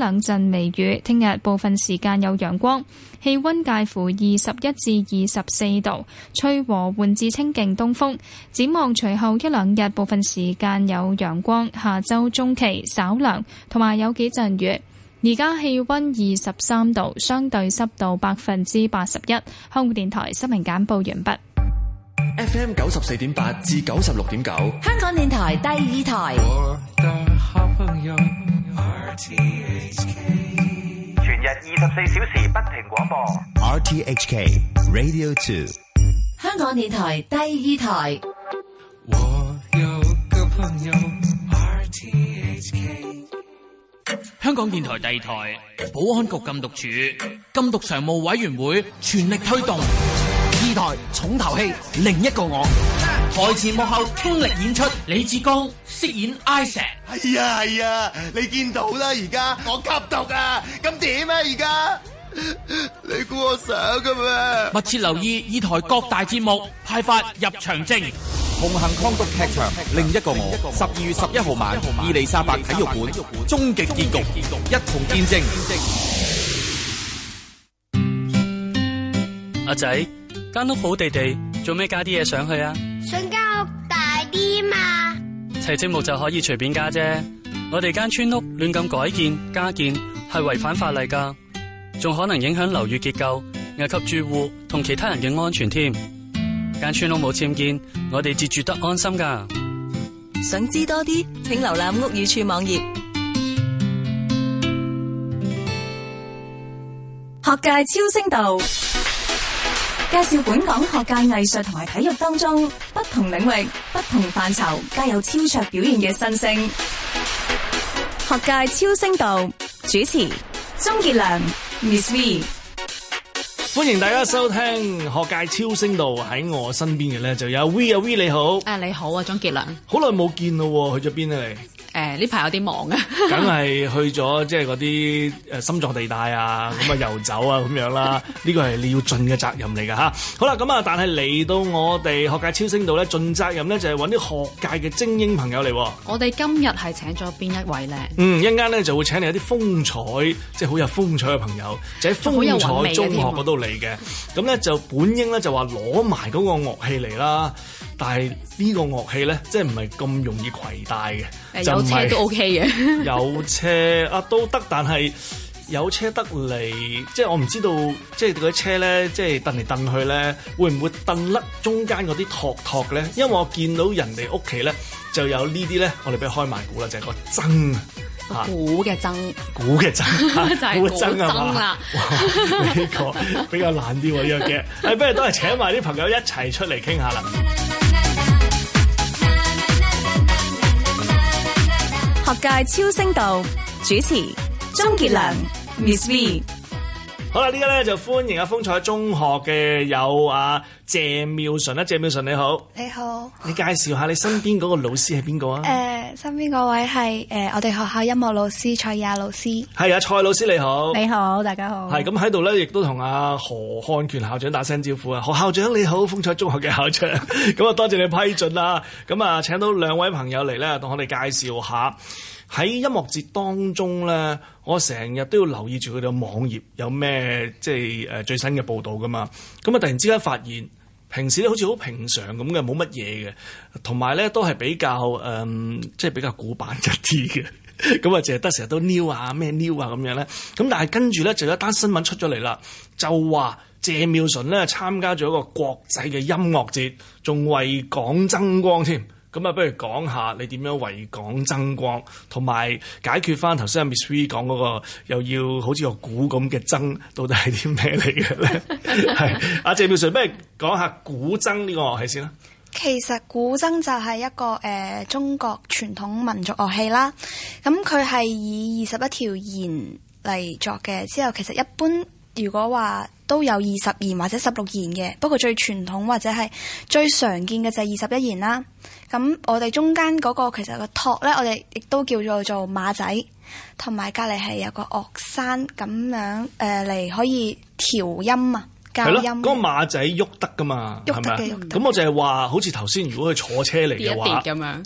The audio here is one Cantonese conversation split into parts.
一兩陣微雨，聽日部分時間有陽光，氣溫介乎二十一至二十四度，吹和緩至清勁東風。展望隨後一兩日部分時間有陽光，下周中期稍涼，同埋有幾陣雨。而家氣溫二十三度，相對濕度百分之八十一。香港電台新聞簡報完畢。FM 九十四點八至九十六點九，香港電台第二台。我的 RTHK，全日二十四小時不停廣播，RTHK Radio Two，香港電台第二台。我有個朋友，RTHK，香港電台第二台。保安局禁毒處禁毒常務委員會全力推動，二台重頭戲，另一個我。台前幕後傾力演出，李志剛飾演 Ish，哎。係啊係啊，你見到啦，而家我吸毒啊，咁點啊？而家你估我想噶嘛？密切留意二台各大節目派發入場證，同行抗毒劇場另一個我，十二月十一號晚伊利沙伯體育館終極結局，一同見證。阿仔間屋好地地，做咩加啲嘢上去啊？齊積木就可以隨便加啫，我哋間村屋亂咁改建加建係違反法例噶仲可能影響樓宇結構，危及住戶同其他人嘅安全添。間村屋冇僭建，我哋自住得安心噶。想知多啲，請瀏覽屋宇署網頁。學界超聲道。，介紹本港學界、藝術同埋體育當中不同領域、不同範疇，皆有超卓表現嘅新星。學界超星道主持：鍾杰良，Miss V 歡迎大家收聽學界超星道，喺我身邊嘅呢,就有 V, 啊 V, 你好。你好,呢排有啲忙啊， 梗係去咗即係嗰啲誒心臟地帶啊，咁啊遊走啊咁樣啦。呢個係你要盡嘅責任嚟㗎吓，好啦，咁啊，但係嚟到我哋學界超星度咧，盡責任咧就係揾啲學界嘅精英朋友嚟。我哋今日係請咗邊一位咧？嗯，一陣間咧就會請嚟一啲風采，即係好有風采嘅朋友，就喺、是、風采中學嗰度嚟嘅。咁咧 就本應咧就話攞埋嗰個樂器嚟啦。但係呢個樂器咧，即係唔係咁容易攜帶嘅，有車都 OK 嘅。有車啊，都得，但係有車得嚟，即係我唔知道，即係嗰啲車咧，即係掟嚟掟去咧，會唔會掟甩中間嗰啲托托咧？因為我見到人哋屋企咧就有呢啲咧，我哋俾開埋鼓啦，就係個鈴啊，鼓嘅鈴，鼓嘅鈴，就係鈴啊，呢個比較難啲喎，約 嘅、哎，誒，不如都係請埋啲朋友一齊出嚟傾下啦。界超聲道主持鍾傑良 Miss V。好啦，呢家咧就歡迎啊，風采中學嘅有啊謝妙純，謝妙純啦，謝妙純你好，你好，你介紹下你身邊嗰個老師係邊個啊？誒、呃，身邊嗰位係誒、呃，我哋學校音樂老師蔡以瓦老師，係啊，蔡老師你好，你好，大家好，係咁喺度咧，亦都同阿、啊、何漢權校長打聲招呼啊，何校長你好，風采中學嘅校長，咁 啊多謝你批准啦，咁啊請到兩位朋友嚟咧，同我哋介紹下。喺音樂節當中咧，我成日都要留意住佢哋嘅網頁有咩即係誒最新嘅報導噶嘛。咁啊，突然之間發現平時咧好似好平常咁嘅，冇乜嘢嘅，同埋咧都係比較誒、嗯、即係比較古板一啲嘅。咁啊，淨係得成日都 new 啊咩 new 啊咁樣咧。咁但係跟住咧就有一單新聞出咗嚟啦，就話謝妙純咧參加咗一個國際嘅音樂節，仲為港爭光添。咁啊，不如講下你點樣為港爭光，同埋解決翻頭先阿 Miss V 講嗰個又要好似個鼓咁嘅爭，到底係啲咩嚟嘅咧？係阿 謝妙純，不如講下古箏呢個樂器先啦。其實古箏就係一個誒、呃、中國傳統民族樂器啦。咁佢係以二十一條弦嚟作嘅，之後其實一般如果話都有二十二或者十六弦嘅，不過最傳統或者係最常見嘅就係二十一弦啦。咁、嗯、我哋中間嗰、那個其實個托呢，我哋亦都叫做做馬仔，同埋隔籬係有個樂山咁樣誒嚟、呃、可以調音啊。係咯，嗰個馬仔喐得噶嘛，係咪？咁我就係話，好似頭先如果佢坐車嚟嘅話，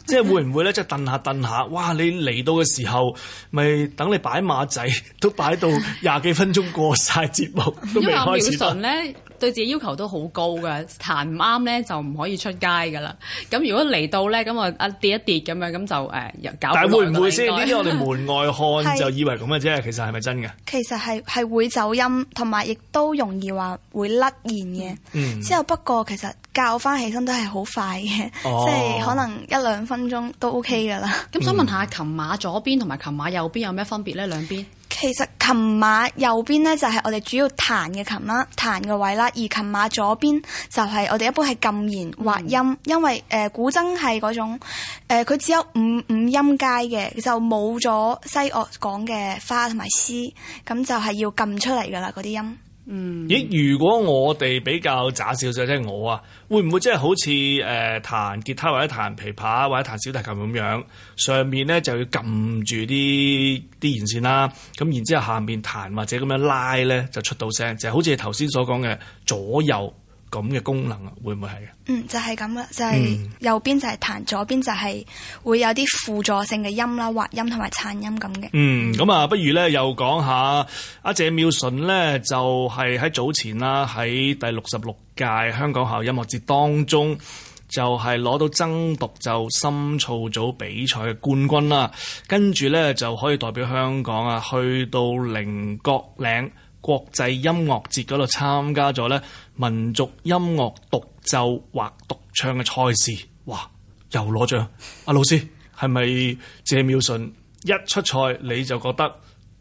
即係會唔會咧？即係蹬下凳下，哇！你嚟到嘅時候，咪等你擺馬仔都擺到廿幾分鐘過晒，節目 都未開始。對自己要求都好高嘅，彈唔啱咧就唔可以出街噶啦。咁如果嚟到咧，咁啊啊跌一跌咁樣，咁就又、呃、搞。但會唔會先？呢啲我哋門外漢 就以為咁嘅啫，是其實係咪真嘅？其實係係會走音，同埋亦都容易話會甩弦嘅。嗯、之後不過其實教翻起身都係好快嘅，即係、哦、可能一兩分鐘都 OK 噶啦。咁、嗯、想問下琴馬左邊同埋琴馬右邊有咩分別咧？兩邊？其實琴碼右邊呢，就係我哋主要彈嘅琴啦，彈嘅位啦。而琴碼左邊就係我哋一般係撳弦滑音，嗯、因為誒、呃、古箏係嗰種誒，佢、呃、只有五五音階嘅，就冇咗西樂講嘅花同埋絲，咁就係要撳出嚟噶啦嗰啲音。咦？嗯、如果我哋比較渣少少，即、就、係、是、我啊，會唔會即係好似誒彈吉他或者彈琵琶或者彈小提琴咁樣？上面咧就要撳住啲啲弦線啦，咁然之後下面彈或者咁樣拉咧就出到聲，就係、是、好似你頭先所講嘅左右。咁嘅功能啊，會唔會係？嗯，就係咁啦，就係、是、右邊就係彈，嗯、左邊就係會有啲輔助性嘅音啦、滑音同埋顫音咁嘅。嗯，咁啊，不如咧又講下阿謝妙純咧，就係喺早前啦，喺第六十六屆香港校音樂節當中，就係、是、攞到箏獨奏深造組比賽嘅冠軍啦。跟住咧，就可以代表香港啊，去到靈閣嶺。國際音樂節嗰度參加咗咧民族音樂獨奏或獨唱嘅賽事，哇！又攞獎。阿、啊、老師係咪謝妙純一出賽你就覺得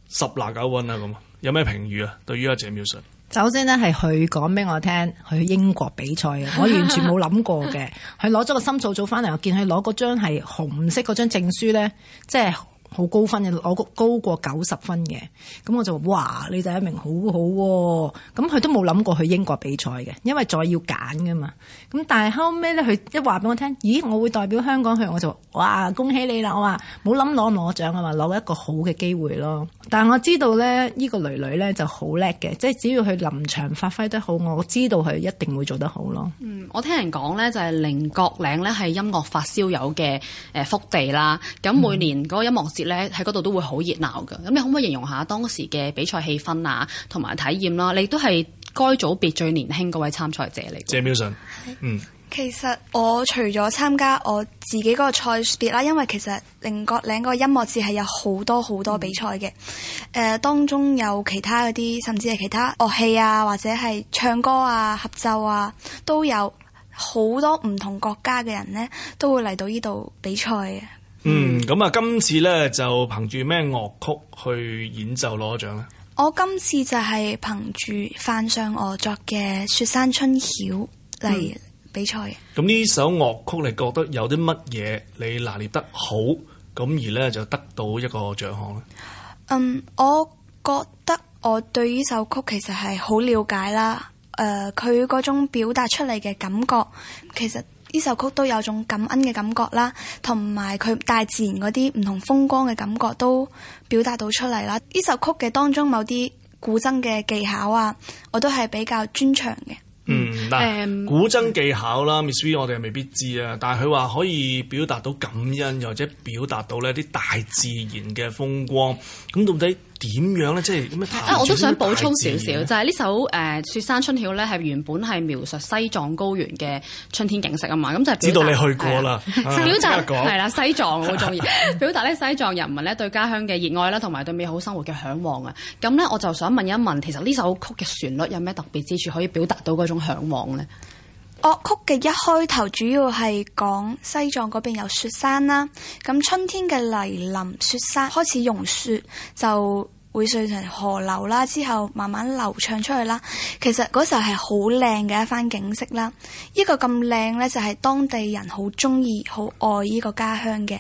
十拿九穩啊？咁有咩評語啊？對於阿謝妙純，首先呢係佢講俾我聽，佢去英國比賽，我完全冇諗過嘅。佢攞咗個深草組翻嚟，我見佢攞嗰張係紅色嗰張證書咧，即係。好高分嘅，攞高過九十分嘅，咁我就話：哇，你第一名好，好好喎！咁佢都冇諗過去英國比賽嘅，因為再要揀噶嘛。咁但係後尾咧，佢一話俾我聽，咦，我會代表香港去，我就話：哇，恭喜你啦！我話冇諗攞攞獎啊嘛，攞一個好嘅機會咯。但係我知道咧，呢個女女咧就好叻嘅，即係只要佢臨場發揮得好，我知道佢一定會做得好咯。嗯，我聽人講咧，就係靈閣嶺咧係音樂發燒友嘅誒福地啦。咁每年嗰個音樂節。咧喺嗰度都會好熱鬧噶，咁你可唔可以形容下當時嘅比賽氣氛啊，同埋體驗啦，啊？你都係該組別最年輕嗰位參賽者嚟嘅。謝妙純是嗯，其實我除咗參加我自己嗰個賽別啦，因為其實靈閣嶺嗰個音樂節係有好多好多比賽嘅，誒、呃，當中有其他嗰啲，甚至係其他樂器啊，或者係唱歌啊、合奏啊，都有好多唔同國家嘅人呢，都會嚟到呢度比賽嘅。嗯，咁啊，今次咧就憑住咩樂曲去演奏攞獎咧？我今次就係憑住范上娥作嘅《雪山春曉》嚟比賽。咁呢首樂曲，你覺得有啲乜嘢你拿捏得好，咁而咧就得到一個獎項咧？嗯，我覺得我對呢首曲其實係好了解啦。誒、呃，佢嗰種表達出嚟嘅感覺，其實。呢首曲都有種感恩嘅感覺啦，同埋佢大自然嗰啲唔同風光嘅感覺都表達到出嚟啦。呢首曲嘅當中某啲古箏嘅技巧啊，我都係比較專長嘅。嗯，嗱，嗯、古箏技巧啦，Ms V 我哋係未必知啊。但係佢話可以表達到感恩，又或者表達到呢啲大自然嘅風光，咁到底，點樣咧？即係咁樣。啊，我都想補充少少，就係呢首誒、呃《雪山春曉》呢咧，係原本係描述西藏高原嘅春天景色啊嘛。咁就知道你去過啦，哎呀啊、表達係啦上西藏，好中意。表達咧西藏人民咧對家鄉嘅熱愛啦，同埋對美好生活嘅嚮往啊。咁咧，我就想問一問，其實呢首曲嘅旋律有咩特別之處，可以表達到嗰種嚮往咧？樂曲嘅一開頭主要係講西藏嗰邊有雪山啦，咁春天嘅嚟臨，雪山開始融雪，就會形成河流啦，之後慢慢流暢出去啦。其實嗰時候係好靚嘅一番景色啦。呢個咁靚呢，就係當地人好中意、好愛呢個家鄉嘅。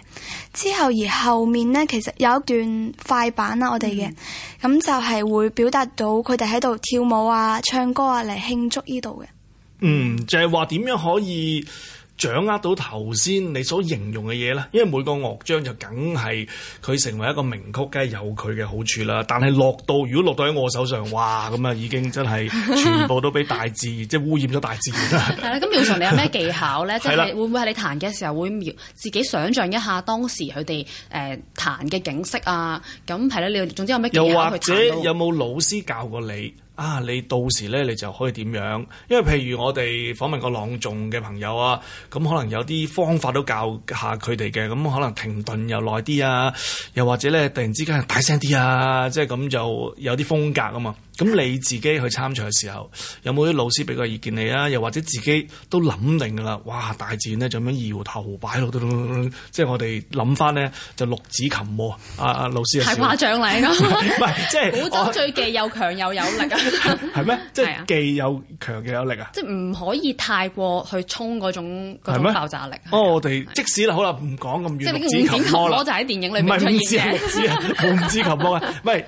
之後而後面呢，其實有一段快板啦，我哋嘅咁就係會表達到佢哋喺度跳舞啊、唱歌啊嚟慶祝呢度嘅。嗯，就係話點樣可以掌握到頭先你所形容嘅嘢咧？因為每個樂章就梗係佢成為一個名曲，梗係有佢嘅好處啦。但係落到如果落到喺我手上，哇咁啊，已經真係全部都俾大自然 即係污染咗大自然啦。係啦， 嗯，咁妙純你有咩技巧咧？ 即係會唔會係你彈嘅時候會苗自己想象一下當時佢哋誒彈嘅景色啊？咁係啦，你總之有咩技巧去彈又或者有冇老師教過你？啊！你到時咧，你就可以點樣？因為譬如我哋訪問個朗誦嘅朋友啊，咁、嗯、可能有啲方法都教下佢哋嘅，咁、嗯、可能停頓又耐啲啊，又或者咧突然之間又大聲啲啊，即係咁就有啲風格啊嘛。咁、嗯、你自己去參賽嘅時候，有冇啲老師俾個意見你啊？又或者自己都諗定㗎啦，哇！大自然呢，就咁樣搖頭擺腦、呃，即係我哋諗翻呢，就六指琴魔啊！啊，啊老師，太誇獎啦！唔係即係古箏最技又強又有力啊！ .係咩？ 即係既有強，嘅有力啊！即係唔可以太過去衝嗰種，嗰種爆炸力。嗎啊、哦，我哋即使啦，是好啦，唔講咁遠。即係琴，就喺電影裏面。唔係唔知琴啊，唔係，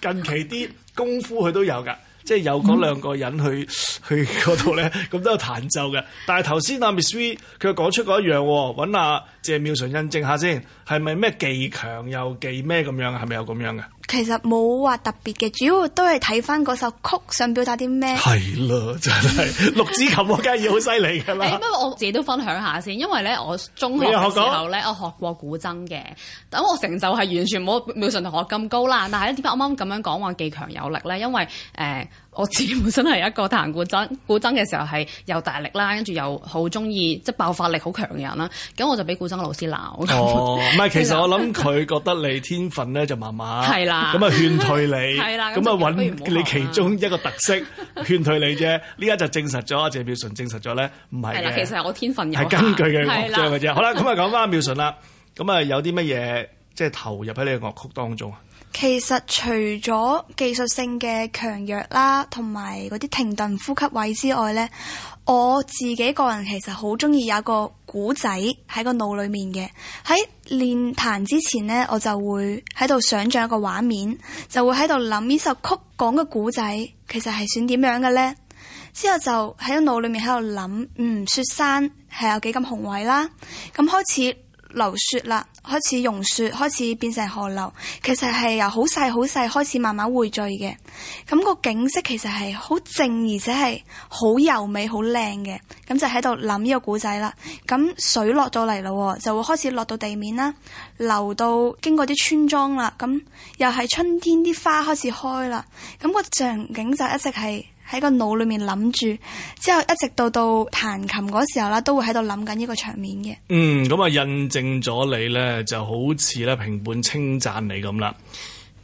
近期啲功夫佢都有㗎，即係有兩個人去，去嗰度呢，咁都有彈奏嘅。但係頭先阿 Ms V 佢講出一樣喎，搵阿謝妙純印證下先，係咪咩技強又技咩咁樣？係咪有咁樣嘅？其實冇話特別嘅，主要都係睇翻嗰首曲想表達啲咩。係啦，真係六支琴我梗係要好犀利噶啦。咁乜 我自己都分享下先，因為咧我中學時候咧我學過古箏嘅，等我成就係完全冇妙純同學咁高啦。但係咧點解啱啱咁樣講話幾強有力咧？因為誒。呃我自本身係一個彈古箏，古箏嘅時候係又大力啦，跟住又好中意，即係爆發力好強嘅人啦。咁我就俾古箏老師鬧。哦，唔係，其實我諗佢覺得你天分咧就麻麻。係啦。咁啊，勸退你。係啦。咁啊，揾你其中一個特色，勸退你啫。呢家就證實咗啊，謝妙純證實咗咧，唔係嘅。係啦，其實我天分有。係根據嘅樂章嘅啫。好啦，咁啊講翻妙純啦。咁啊，有啲乜嘢即係投入喺你嘅樂曲當中啊？其實除咗技術性嘅強弱啦，同埋嗰啲停頓呼吸位之外呢，我自己個人其實好中意有一個古仔喺個腦裏面嘅。喺練彈之前呢，我就會喺度想象一個畫面，就會喺度諗呢首曲講嘅古仔其實係算點樣嘅呢？之後就喺個腦裏面喺度諗，嗯，雪山係有幾咁宏偉啦。咁開始。流雪啦，開始融雪，開始變成河流。其實係由好細好細開始慢慢匯聚嘅。咁個景色其實係好靜，而且係好柔美、好靚嘅。咁就喺度諗呢個古仔啦。咁水落到嚟咯，就會開始落到地面啦，流到經過啲村莊啦。咁又係春天啲花開始開啦。咁個場景就一直係。喺個腦裏面諗住，之後一直到到彈琴嗰時候啦，都會喺度諗緊呢個場面嘅。嗯，咁啊，印證咗你咧，就好似咧評判稱讚你咁啦。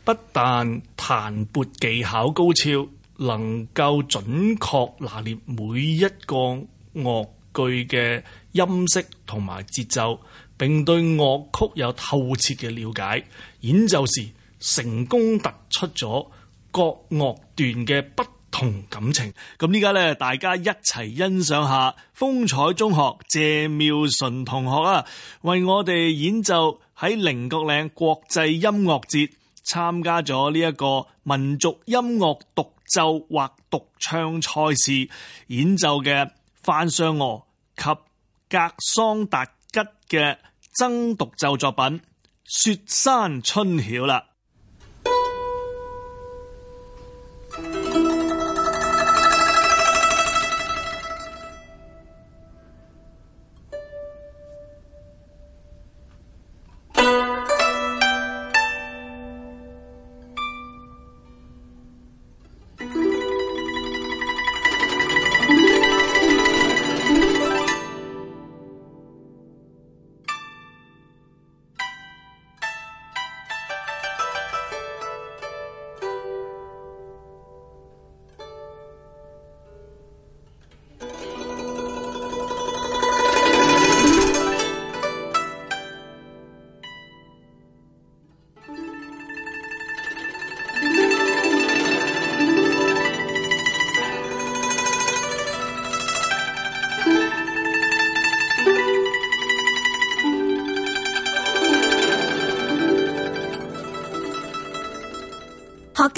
不但彈撥技巧高超，能夠準確拿捏每一個樂句嘅音色同埋節奏，並對樂曲有透徹嘅了解。演奏時成功突出咗各樂段嘅不同感情，咁而家咧，大家一齊欣賞下風采中學謝妙純同學啊，為我哋演奏喺靈閣嶺國際音樂節參加咗呢一個民族音樂獨奏或獨唱賽事演奏嘅范上娥及格桑達吉嘅箏獨奏作品《雪山春曉》啦。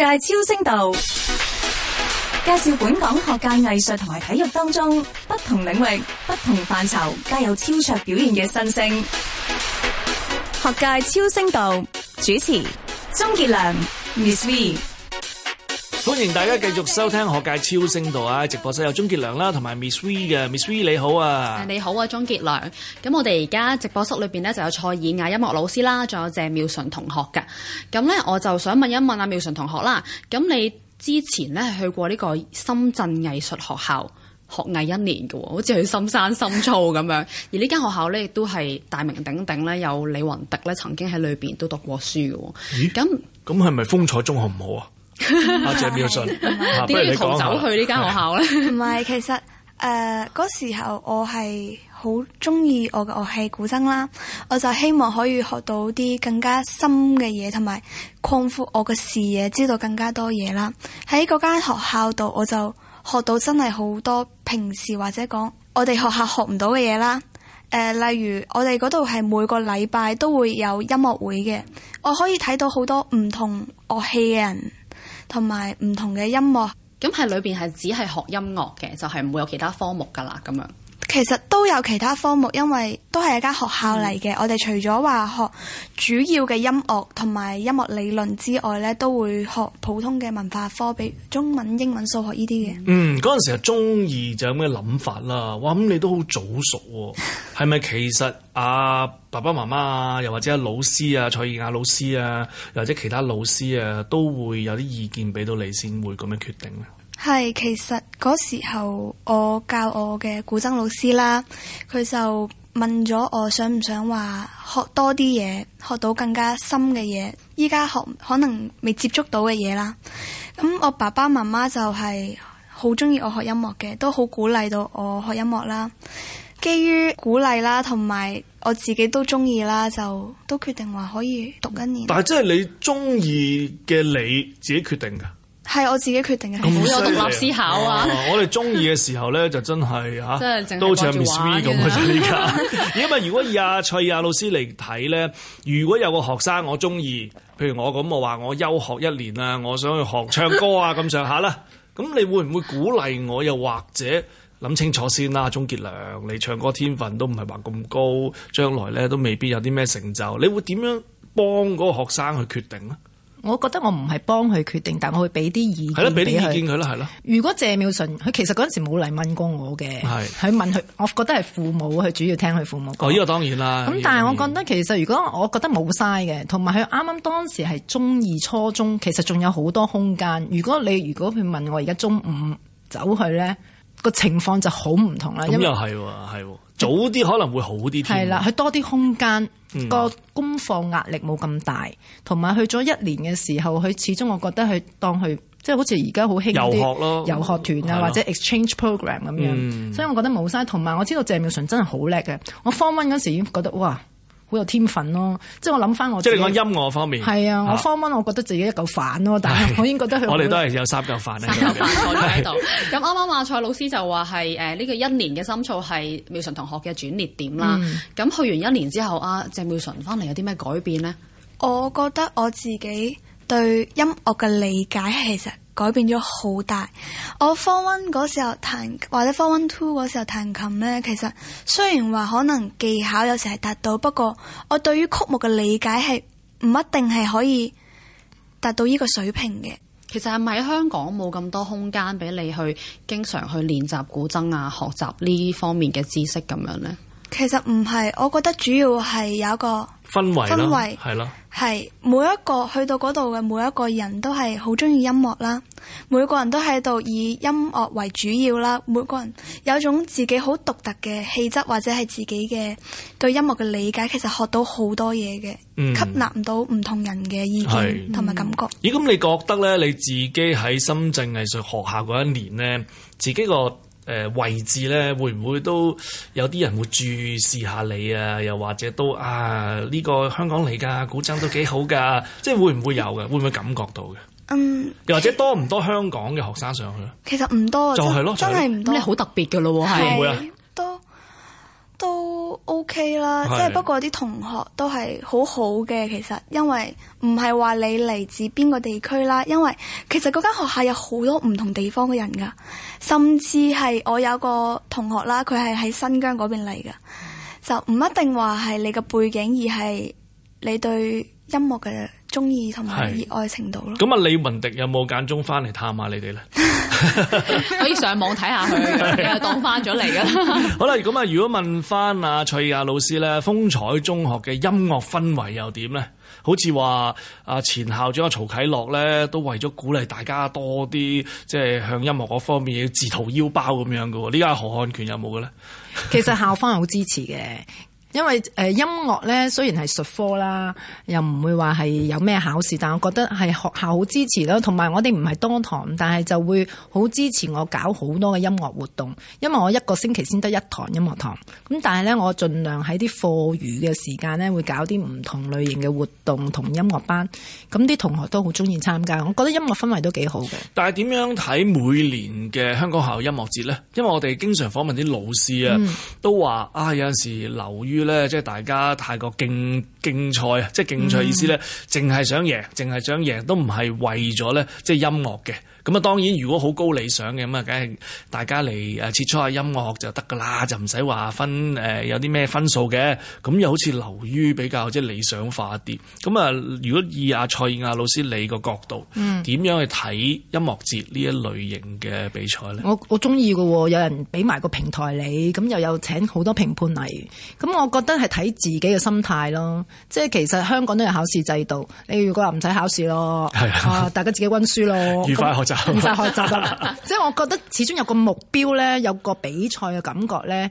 界超星道介紹，本港學界、藝術同埋體育當中不同領域、不同範疇皆有超卓表現嘅新星。學界超星道主持鍾傑良 Ms V。歡迎大家繼續收聽學界超聲道啊！直播室有鐘杰良啦，同埋 Ms V 嘅 Ms V 你好啊！你好啊，鍾杰良。咁我哋而家直播室裏邊呢，就有蔡以瓦音樂老師啦，仲有謝妙純同學嘅。咁呢，我就想問一問啊，妙純同學啦，咁你之前呢，去過呢個深圳藝術學校學藝一年嘅、哦，好似去深山深造咁樣。 而呢間學校呢，亦都係大名鼎鼎咧，有李雲迪咧曾經喺裏邊都讀過書嘅。咦？咁咁係咪風采中學唔好啊？阿姐表信，點解要逃走去呢間學校呢？唔係，其實誒，嗰、呃呃、時候我係好中意我嘅樂器古箏啦。我就希望可以學到啲更加深嘅嘢，同埋擴闊我嘅視野，知道更加多嘢啦。喺嗰間學校度，我就學到真係好多平時或者講我哋學校學唔到嘅嘢啦。誒、呃，例如我哋嗰度係每個禮拜都會有音樂會嘅，我可以睇到好多唔同樂器嘅人。同埋唔同嘅音樂，咁係裏邊係只係學音樂嘅，就係、是、唔會有其他科目噶啦，咁樣。其實都有其他科目，因為都係一間學校嚟嘅。嗯、我哋除咗話學主要嘅音樂同埋音樂理論之外咧，都會學普通嘅文化科，比中文、英文數、數學呢啲嘅。嗯，嗰陣時係中二就有咁嘅諗法啦。哇，咁你都好早熟喎，啊。係咪 其實阿、啊、爸爸媽媽啊，又或者老師啊，蔡以瓦老師啊，又或者其他老師啊，都會有啲意見俾到你先會咁樣決定咧？係，其實嗰時候我教我嘅古箏老師啦，佢就問咗我想唔想話學多啲嘢，學到更加深嘅嘢，依家學可能未接觸到嘅嘢啦。咁我爸爸媽媽就係好中意我學音樂嘅，都好鼓勵到我學音樂啦。基於鼓勵啦，同埋我自己都中意啦，就都決定話可以讀緊。但係即係你中意嘅你自己決定噶。係我自己決定嘅，好有獨立思考啊！ 我哋中意嘅時候咧，就真係嚇，都好似 Miss V 咁嘅風格。因為 如果以阿翠阿老師嚟睇咧，如果有個學生我中意，譬如我咁，我話我休學一年啊，我想去學唱歌啊，咁上下啦，咁你會唔會鼓勵我？又或者諗清楚先啦，鍾傑良，你唱歌天分都唔係話咁高，將來咧都未必有啲咩成就。你會點樣幫嗰個學生去決定呢？我覺得我唔係幫佢決定，但我會俾啲意見佢。係咯，俾啲意見佢啦，係咯。如果謝妙純佢其實嗰陣時冇嚟問過我嘅，係佢的問佢，我覺得係父母，佢主要聽佢父母。哦，呢個當然啦。咁但係我覺得其實如果我覺得冇嘥嘅，同埋佢啱啱當時係中二初中，其實仲有好多空間。如果你如果佢問我而家中五走去咧，個情況就好唔同啦。咁又係喎，因為早啲可能會好啲係係啦，佢多啲空間，個、嗯、功課壓力冇咁大，同埋去咗一年嘅時候，佢始終我覺得佢當佢即係好似而家好興啲遊學團啊，嗯、或者 exchange program 咁樣，嗯、所以我覺得冇嘥。同埋我知道謝妙純真係好叻嘅，我 form one 嗰時已經覺得哇。好有天分咯！即係我諗翻我，即係你講音樂方面，係啊！啊我方 o 我覺得自己一嚿飯咯，但係我已經覺得佢。我哋都係有三嚿飯啊！咁啱啱阿蔡老師就話係誒呢個一年嘅心造係妙純同學嘅轉捩點啦。咁、嗯、去完一年之後啊，鄭妙純翻嚟有啲咩改變咧？我覺得我自己對音樂嘅理解其實。改變咗好大，我 form one 嗰時候彈或者 form one two 嗰時候彈琴呢，其實雖然話可能技巧有時係達到，不過我對於曲目嘅理解係唔一定係可以達到呢個水平嘅。其實係咪喺香港冇咁多空間俾你去經常去練習古箏啊，學習呢方面嘅知識咁樣呢？其實唔係，我覺得主要係有一個氛圍啦，氛圍，係啦。係每一個去到嗰度嘅每一個人都係好中意音樂啦，每個人都喺度以音樂為主要啦。每個人有種自己好獨特嘅氣質或者係自己嘅對音樂嘅理解，其實學到好多嘢嘅，嗯、吸納唔到唔同人嘅意見同埋感覺。嗯、咦？咁你覺得咧，你自己喺深圳藝術學,學校嗰一年呢，自己個？誒、呃、位置咧，會唔會都有啲人會注視下你啊？又或者都啊，呢、這個香港嚟㗎古箏都幾好㗎，即係會唔會有嘅？嗯、會唔會感覺到嘅？嗯，又或者多唔多香港嘅學生上去？其實唔多，就係咯，真係唔多，你好特別㗎咯喎，係是。嗎都 OK 啦，是即係不過啲同學都係好好嘅，其實因為唔係話你嚟自邊個地區啦，因為其實嗰間學校有好多唔同地方嘅人噶，甚至係我有個同學啦，佢係喺新疆嗰邊嚟噶，就唔一定話係你嘅背景，而係你對音樂嘅。中意同埋熱愛程度咯。咁啊，李文迪有冇間中翻嚟探下你哋咧？ 可以上網睇下佢，又當翻咗嚟噶啦。 好啦，咁啊，如果問翻蔡以瓦老師咧，風采中學嘅音樂氛圍又點咧？好似話阿前校長曹啟樂咧，都為咗鼓勵大家多啲，即係向音樂嗰方面要自掏腰包咁樣噶喎。呢家何漢權有冇嘅咧？其實校方係好支持嘅。因為誒音樂咧，雖然係術科啦，又唔會話係有咩考試，但我覺得係學校好支持啦，同埋我哋唔係多堂，但係就會好支持我搞好多嘅音樂活動。因為我一個星期先得一堂音樂堂，咁但係咧我盡量喺啲課餘嘅時間咧，會搞啲唔同類型嘅活動同音樂班，咁啲同學都好中意參加。我覺得音樂氛圍都幾好嘅。但係點樣睇每年嘅香港學校音樂節咧？因為我哋經常訪問啲老師啊，都話啊有陣時流於。即係大家太過競競賽啊，即係競賽意思咧，淨係想贏淨係想贏，都唔係為咗咧，即係音樂嘅。咁啊，當然如果好高理想嘅，咁啊，梗係大家嚟，誒切磋下音樂就得噶啦，就唔使話分誒、呃、有啲咩分數嘅。咁又好似流於比較，即係理想化啲。咁、嗯、啊，如果以阿蔡以瓦老師你個角度，點、嗯、樣去睇音樂節呢一類型嘅比賽咧？我我中意嘅喎，有人俾埋個平台你，咁又有請好多評判嚟，咁我覺得係睇自己嘅心態咯。即係其實香港都有考試制度，你如果話唔使考試咯，啊 大家自己溫書咯， 愉快學習。唔使學習得啦， 即係我覺得始終有個目標咧，有個比賽嘅感覺咧，誒、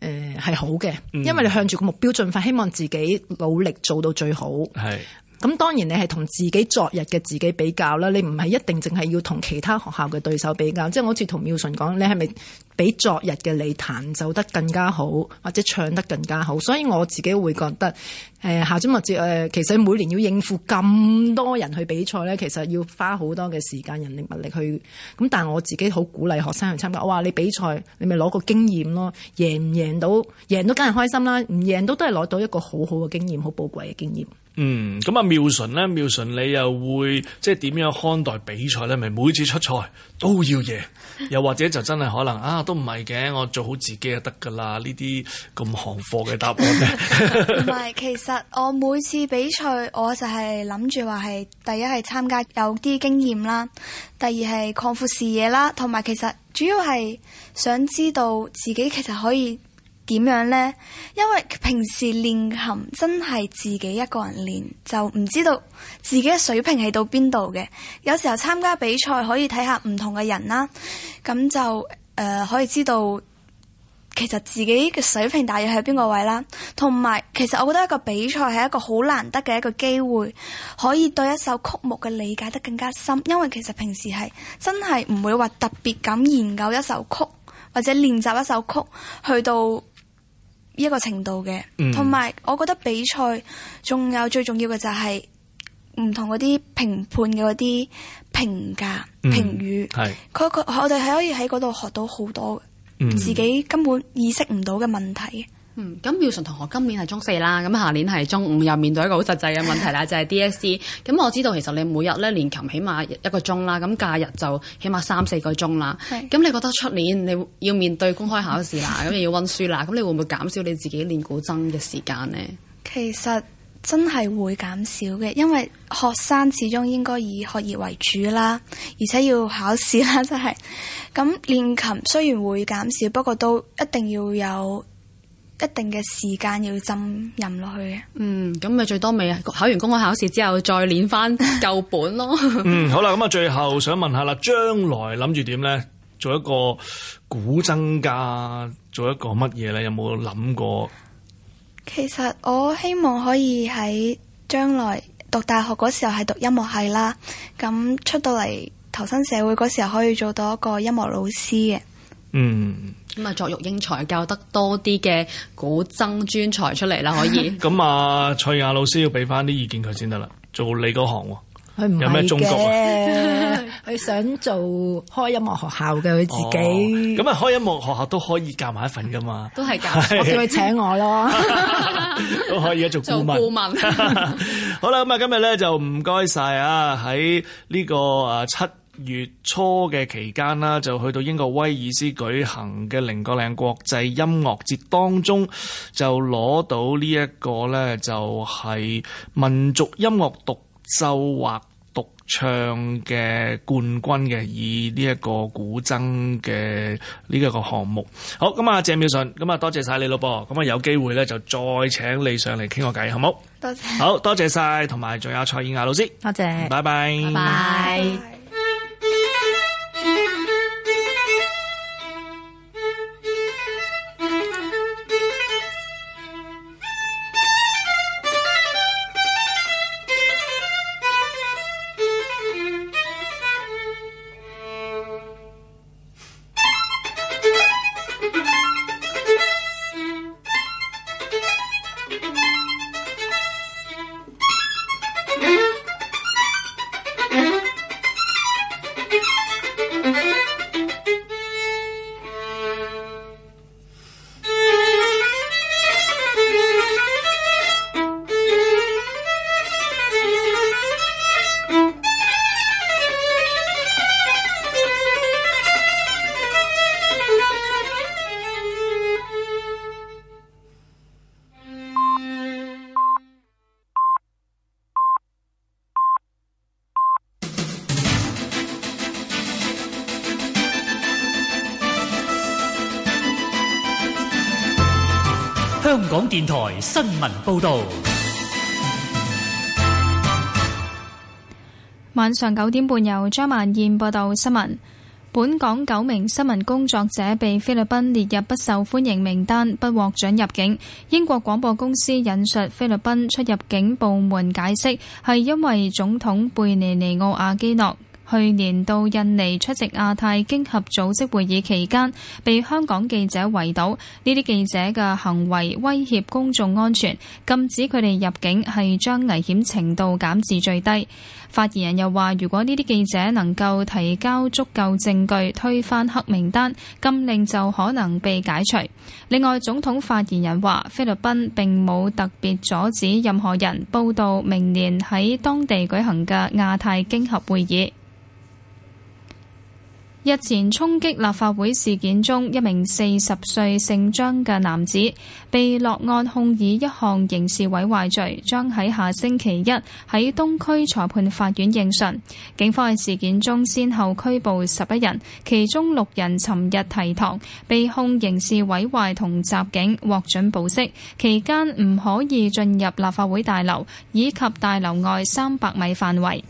呃、係好嘅，因為你向住個目標進發，希望自己努力做到最好。係是，咁當然你係同自己昨日嘅自己比較啦，你唔係一定淨係要同其他學校嘅對手比較。即係我好似同妙純講，你係咪比昨日嘅你彈奏得更加好，或者唱得更加好？所以我自己會覺得。誒夏冬物節誒，其實每年要應付咁多人去比賽咧，其實要花好多嘅時間人力物力去。咁但係我自己好鼓勵學生去參加。我話，你比賽，你咪攞個經驗咯。贏唔贏到，贏到梗係開心啦。唔贏到都係攞到一個好好嘅經驗，好寶貴嘅經驗。嗯，咁啊妙純咧，妙純你又會即係點樣看待比賽咧？咪每次出賽都要贏， 又或者就真係可能啊都唔係嘅，我做好自己就得㗎啦。呢啲咁行貨嘅答案咧。唔係，其實我每次比賽，我就係諗住話，係第一係參加有啲經驗啦，第二係擴闊視野啦，同埋其實主要係想知道自己其實可以點樣呢？因為平時練琴真係自己一個人練，就唔知道自己嘅水平係到邊度嘅。有時候參加比賽可以睇下唔同嘅人啦，咁就誒、呃、可以知道。其實自己嘅水平大約喺邊個位啦，同埋其實我覺得一個比賽係一個好難得嘅一個機會，可以對一首曲目嘅理解得更加深，因為其實平時係真係唔會話特別咁研究一首曲或者練習一首曲去到一個程度嘅，同埋、嗯、我覺得比賽仲有最重要嘅就係唔同嗰啲評判嘅嗰啲評價評語，佢佢是我哋係可以喺嗰度學到好多嘅。嗯、自己根本意識唔到嘅問題。嗯，咁妙純同學今年係中四啦，咁下年係中五，又面對一個好實際嘅問題啦， 就係 D S C。咁我知道其實你每日咧練琴起碼一個鐘啦，咁假日就起碼三四個鐘啦。咁，是你覺得出年你要面對公開考試啦，咁你 要溫書啦，咁你會唔會減少你自己練古箏嘅時間呢？其實。真係會減少嘅，因為學生始終應該以學業為主啦，而且要考試啦，真係。咁練琴雖然會減少，不過都一定要有一定嘅時間要浸淫落去嘅。嗯，咁咪最多咪考完公開考試之後再練翻舊本咯。 嗯，好啦，咁啊，最後想問下啦，將來諗住點呢？做一個古箏家，做一個乜嘢呢？有冇諗過？其實我希望可以喺將來讀大學嗰時候係讀音樂系啦，咁出到嚟投身社會嗰時候可以做到一個音樂老師嘅。嗯，咁啊、嗯，作育英才教得多啲嘅古箏專才出嚟啦，可以。咁啊，蔡以瓦老師要俾翻啲意見佢先得啦，做你嗰行。佢唔係啊？佢想做開音樂學校嘅，佢自己咁啊，開音樂學校都可以夾埋一份噶嘛，都係夾，是叫佢請我咯，都 可以做顧問。顧問 好啦，咁啊，今日咧就唔該晒啊！喺呢個啊七月初嘅期間啦，就去到英國威爾斯舉行嘅靈閣嶺國際音樂節當中，就攞到呢一個咧，就係民族音樂獨奏或獨唱嘅冠軍嘅以呢一個古箏嘅呢一個項目，好。咁啊，謝妙純，咁啊多謝晒你咯噃，咁啊有機會咧就再請你上嚟傾個偈，好唔好？多謝，好多謝晒，同埋仲有蔡以瓦老師，多謝，拜拜，拜。電台新聞報道，晚上九點半由張曼燕報道新聞。本港九名新聞工作者被菲律賓列入不受歡迎名單，不獲准入境。英國廣播公司引述菲律賓出入境部門解釋，係因為總統貝尼尼奧·阿基諾。去年到印尼出席亞太經合組織會議期間，被香港記者圍堵，呢啲記者嘅行為威脅公眾安全，禁止佢哋入境，係將危險程度減至最低。發言人又話，如果呢啲記者能夠提交足夠證據推翻黑名單禁令，就可能被解除。另外，總統發言人話菲律賓並冇特別阻止任何人報道明年喺當地舉行嘅亞太經合會議。日前衝擊立法會事件中，一名四十歲姓張嘅男子被落案控以一項刑事毀壞罪，將喺下星期一喺東區裁判法院應訊。警方喺事件中先後拘捕十一人，其中六人尋日提堂，被控刑事毀壞同襲警，獲准保釋，期間唔可以進入立法會大樓以及大樓外三百米範圍。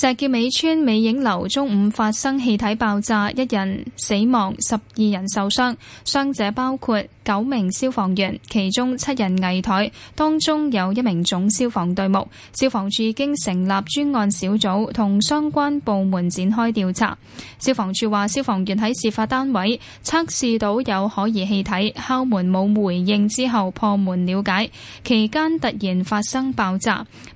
石硤尾邨美影樓中午發生氣體爆炸，一人死亡，十二人受傷，傷者包括九名消防員，其中七人危殆，當中有一名總消防隊目。消防處已經成立專案小組，同相關部門展開調查。消防處話，消防員喺事發單位測試到有可疑氣體，敲門冇回應之後破門了解，期間突然發生爆炸。